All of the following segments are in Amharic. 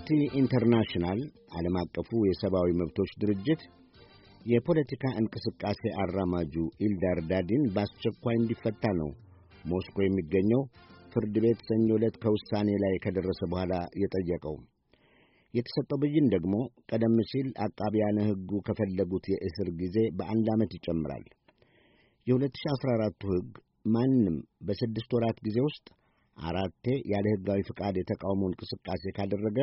አምነስቲ ኢንተርናሽናል ዓለም አቀፉ የሰብአዊ መብቶች ድርጅት የፖለቲካ እንቅስቃሴ አራማጁ ኢልዳር ዳዲን በአስቸኳይ እንዲፈታ ነው ሞስኮ የሚገኘው ፍርድ ቤት ሰኞ ዕለት ከውሳኔ ላይ ከደረሰ በኋላ የጠየቀው። የተሰጠው ብይን ደግሞ ቀደም ሲል አቃቢያነ ሕጉ ከፈለጉት የእስር ጊዜ በአንድ ዓመት ይጨምራል። የ2014ቱ ሕግ ማንም በስድስት ወራት ጊዜ ውስጥ አራቴ ያለ ሕጋዊ ፍቃድ የተቃውሞ እንቅስቃሴ ካደረገ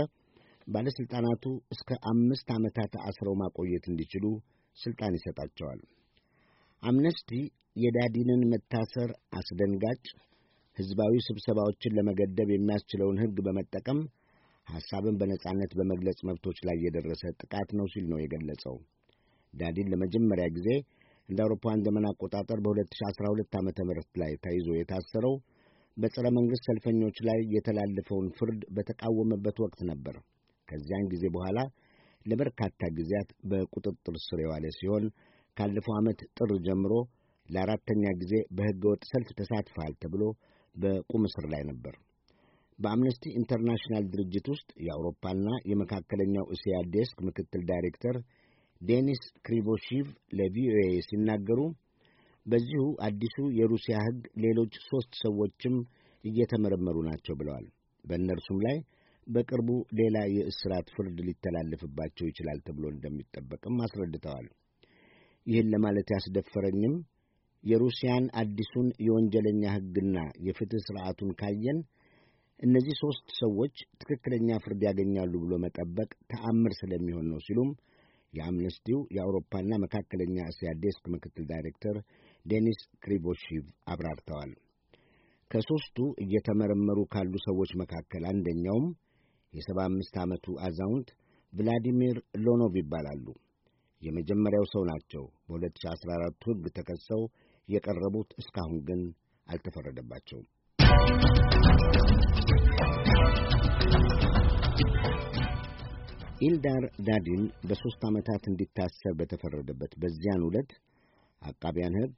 ባለሥልጣናቱ እስከ አምስት ዓመታት አስረው ማቆየት እንዲችሉ ሥልጣን ይሰጣቸዋል። አምነስቲ የዳዲንን መታሰር አስደንጋጭ፣ ሕዝባዊ ስብሰባዎችን ለመገደብ የሚያስችለውን ሕግ በመጠቀም ሐሳብን በነጻነት በመግለጽ መብቶች ላይ የደረሰ ጥቃት ነው ሲል ነው የገለጸው። ዳዲን ለመጀመሪያ ጊዜ እንደ አውሮፓውያን ዘመን አቆጣጠር በ2012 ዓ ም ላይ ተይዞ የታሰረው በጸረ መንግሥት ሰልፈኞች ላይ የተላለፈውን ፍርድ በተቃወመበት ወቅት ነበር። ከዚያን ጊዜ በኋላ ለበርካታ ጊዜያት በቁጥጥር ስር የዋለ ሲሆን ካለፈው ዓመት ጥር ጀምሮ ለአራተኛ ጊዜ በሕገ ወጥ ሰልፍ ተሳትፈሃል ተብሎ በቁም እስር ላይ ነበር። በአምነስቲ ኢንተርናሽናል ድርጅት ውስጥ የአውሮፓና የመካከለኛው እስያ ዴስክ ምክትል ዳይሬክተር ዴኒስ ክሪቦሺቭ ለቪኦኤ ሲናገሩ በዚሁ አዲሱ የሩሲያ ሕግ ሌሎች ሦስት ሰዎችም እየተመረመሩ ናቸው ብለዋል። በእነርሱም ላይ በቅርቡ ሌላ የእስራት ፍርድ ሊተላለፍባቸው ይችላል ተብሎ እንደሚጠበቅም አስረድተዋል። ይህን ለማለት ያስደፈረኝም የሩሲያን አዲሱን የወንጀለኛ ሕግና የፍትሕ ሥርዓቱን ካየን እነዚህ ሦስት ሰዎች ትክክለኛ ፍርድ ያገኛሉ ብሎ መጠበቅ ተአምር ስለሚሆን ነው ሲሉም የአምነስቲው የአውሮፓና መካከለኛ እስያ ዴስክ ምክትል ዳይሬክተር ዴኒስ ክሪቦሺቭ አብራርተዋል። ከሦስቱ እየተመረመሩ ካሉ ሰዎች መካከል አንደኛውም የሰባ አምስት ዓመቱ አዛውንት ቭላዲሚር ሎኖቭ ይባላሉ። የመጀመሪያው ሰው ናቸው በ2014 ሕግ ተከሰው የቀረቡት እስካሁን ግን አልተፈረደባቸውም። ኢልዳር ዳዲን በሦስት ዓመታት እንዲታሰር በተፈረደበት በዚያን ዕለት አቃቢያን ሕግ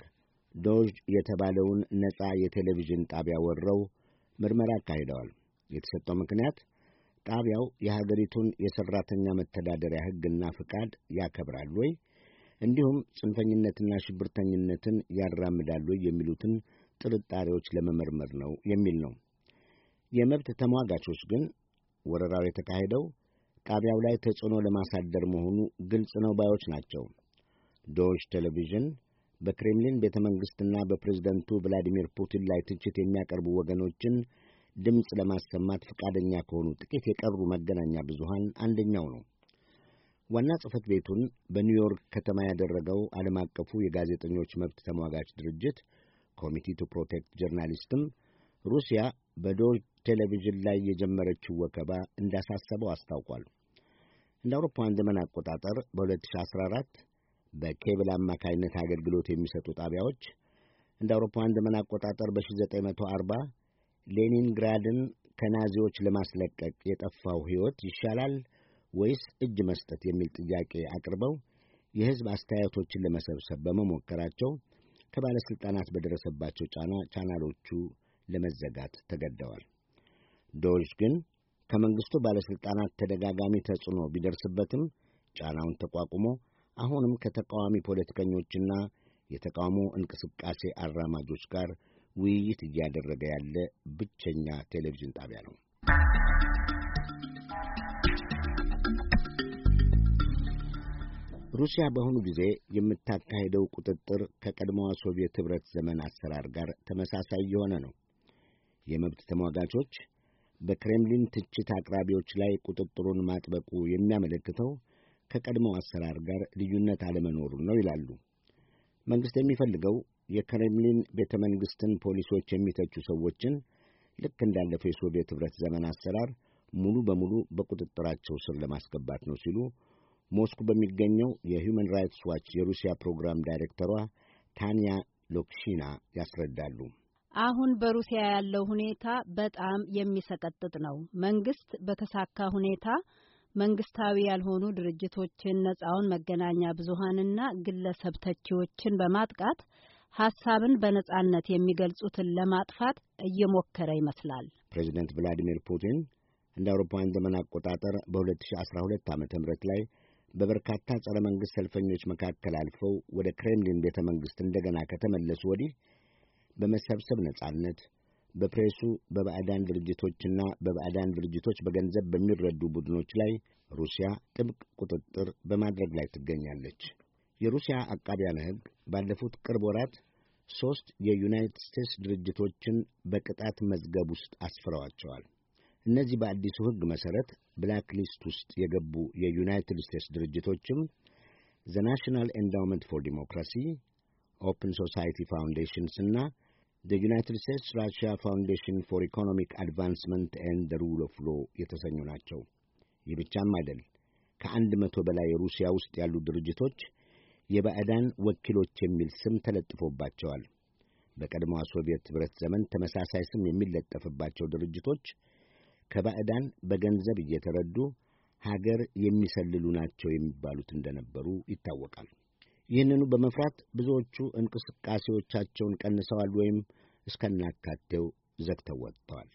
ዶዥ የተባለውን ነፃ የቴሌቪዥን ጣቢያ ወርረው ምርመራ አካሂደዋል። የተሰጠው ምክንያት ጣቢያው የሀገሪቱን የሠራተኛ መተዳደሪያ ሕግና ፍቃድ ያከብራል ወይ እንዲሁም ጽንፈኝነትና ሽብርተኝነትን ያራምዳል ወይ የሚሉትን ጥርጣሬዎች ለመመርመር ነው የሚል ነው። የመብት ተሟጋቾች ግን ወረራው የተካሄደው ጣቢያው ላይ ተጽዕኖ ለማሳደር መሆኑ ግልጽ ነው ባዮች ናቸው። ዶች ቴሌቪዥን በክሬምሊን ቤተ መንግሥትና በፕሬዝደንቱ ቭላዲሚር ፑቲን ላይ ትችት የሚያቀርቡ ወገኖችን ድምፅ ለማሰማት ፈቃደኛ ከሆኑ ጥቂት የቀሩ መገናኛ ብዙሃን አንደኛው ነው። ዋና ጽሕፈት ቤቱን በኒውዮርክ ከተማ ያደረገው ዓለም አቀፉ የጋዜጠኞች መብት ተሟጋች ድርጅት ኮሚቲ ቱ ፕሮቴክት ጀርናሊስትም ሩሲያ በዶች ቴሌቪዥን ላይ የጀመረችው ወከባ እንዳሳሰበው አስታውቋል። እንደ አውሮፓውያን ዘመን አቆጣጠር በ2014 በኬብል አማካይነት አገልግሎት የሚሰጡ ጣቢያዎች እንደ አውሮፓውያን ዘመን አቆጣጠር በ1940 ሌኒንግራድን ከናዚዎች ለማስለቀቅ የጠፋው ሕይወት ይሻላል ወይስ እጅ መስጠት የሚል ጥያቄ አቅርበው የሕዝብ አስተያየቶችን ለመሰብሰብ በመሞከራቸው ከባለሥልጣናት በደረሰባቸው ጫና ቻናሎቹ ለመዘጋት ተገደዋል። ዶች ግን ከመንግሥቱ ባለሥልጣናት ተደጋጋሚ ተጽዕኖ ቢደርስበትም ጫናውን ተቋቁሞ አሁንም ከተቃዋሚ ፖለቲከኞችና የተቃውሞ እንቅስቃሴ አራማጆች ጋር ውይይት እያደረገ ያለ ብቸኛ ቴሌቪዥን ጣቢያ ነው። ሩሲያ በአሁኑ ጊዜ የምታካሄደው ቁጥጥር ከቀድሞዋ ሶቪየት ኅብረት ዘመን አሰራር ጋር ተመሳሳይ የሆነ ነው። የመብት ተሟጋቾች በክሬምሊን ትችት አቅራቢዎች ላይ ቁጥጥሩን ማጥበቁ የሚያመለክተው ከቀድሞው አሰራር ጋር ልዩነት አለመኖሩን ነው ይላሉ። መንግሥት የሚፈልገው የክሬምሊን ቤተ መንግሥትን ፖሊሶች የሚተቹ ሰዎችን ልክ እንዳለፈው የሶቪየት ኅብረት ዘመን አሰራር ሙሉ በሙሉ በቁጥጥራቸው ስር ለማስገባት ነው ሲሉ ሞስኩ በሚገኘው የሁመን ራይትስ ዋች የሩሲያ ፕሮግራም ዳይሬክተሯ ታንያ ሎክሺና ያስረዳሉ። አሁን በሩሲያ ያለው ሁኔታ በጣም የሚሰቀጥጥ ነው። መንግስት በተሳካ ሁኔታ መንግስታዊ ያልሆኑ ድርጅቶችን፣ ነጻውን መገናኛ ብዙሃንና ግለሰብ ተቺዎችን በማጥቃት ሀሳብን በነጻነት የሚገልጹትን ለማጥፋት እየሞከረ ይመስላል። ፕሬዚደንት ቭላዲሚር ፑቲን እንደ አውሮፓውያን ዘመን አቆጣጠር በ2012 ዓ ም ላይ በበርካታ ጸረ መንግሥት ሰልፈኞች መካከል አልፈው ወደ ክሬምሊን ቤተ መንግሥት እንደገና ከተመለሱ ወዲህ በመሰብሰብ ነጻነት፣ በፕሬሱ፣ በባዕዳን ድርጅቶችና በባዕዳን ድርጅቶች በገንዘብ በሚረዱ ቡድኖች ላይ ሩሲያ ጥብቅ ቁጥጥር በማድረግ ላይ ትገኛለች። የሩሲያ አቃቢያነ ሕግ ባለፉት ቅርብ ወራት ሦስት የዩናይትድ ስቴትስ ድርጅቶችን በቅጣት መዝገብ ውስጥ አስፍረዋቸዋል። እነዚህ በአዲሱ ሕግ መሠረት ብላክ ሊስት ውስጥ የገቡ የዩናይትድ ስቴትስ ድርጅቶችም ዘ ናሽናል ኤንዳውመንት ፎር ዲሞክራሲ፣ ኦፕን ሶሳይቲ ፋውንዴሽንስ እና ዘ ዩናይትድ ስቴትስ ራሽያ ፋውንዴሽን ፎር ኢኮኖሚክ አድቫንስመንት ኤንድ ሩል ኦፍ ሎ የተሰኙ ናቸው። ይህ ብቻም አይደል። ከአንድ መቶ በላይ ሩሲያ ውስጥ ያሉ ድርጅቶች የባዕዳን ወኪሎች የሚል ስም ተለጥፎባቸዋል። በቀድሞዋ ሶቪየት ኅብረት ዘመን ተመሳሳይ ስም የሚለጠፍባቸው ድርጅቶች ከባዕዳን በገንዘብ እየተረዱ ሀገር የሚሰልሉ ናቸው የሚባሉት እንደነበሩ ይታወቃል። ይህንኑ በመፍራት ብዙዎቹ እንቅስቃሴዎቻቸውን ቀንሰዋል ወይም እስከናካቴው ዘግተው ወጥተዋል።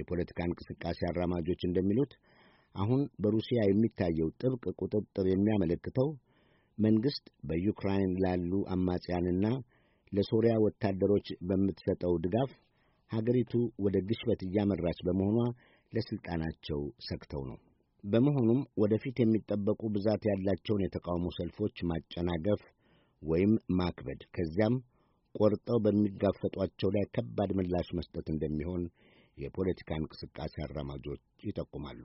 የፖለቲካ እንቅስቃሴ አራማጆች እንደሚሉት አሁን በሩሲያ የሚታየው ጥብቅ ቁጥጥር የሚያመለክተው መንግሥት በዩክራይን ላሉ አማጽያንና ለሶሪያ ወታደሮች በምትሰጠው ድጋፍ ሀገሪቱ ወደ ግሽበት እያመራች በመሆኗ ለሥልጣናቸው ሰግተው ነው። በመሆኑም ወደፊት የሚጠበቁ ብዛት ያላቸውን የተቃውሞ ሰልፎች ማጨናገፍ ወይም ማክበድ ከዚያም ቆርጠው በሚጋፈጧቸው ላይ ከባድ ምላሽ መስጠት እንደሚሆን የፖለቲካ እንቅስቃሴ አራማጆች ይጠቁማሉ።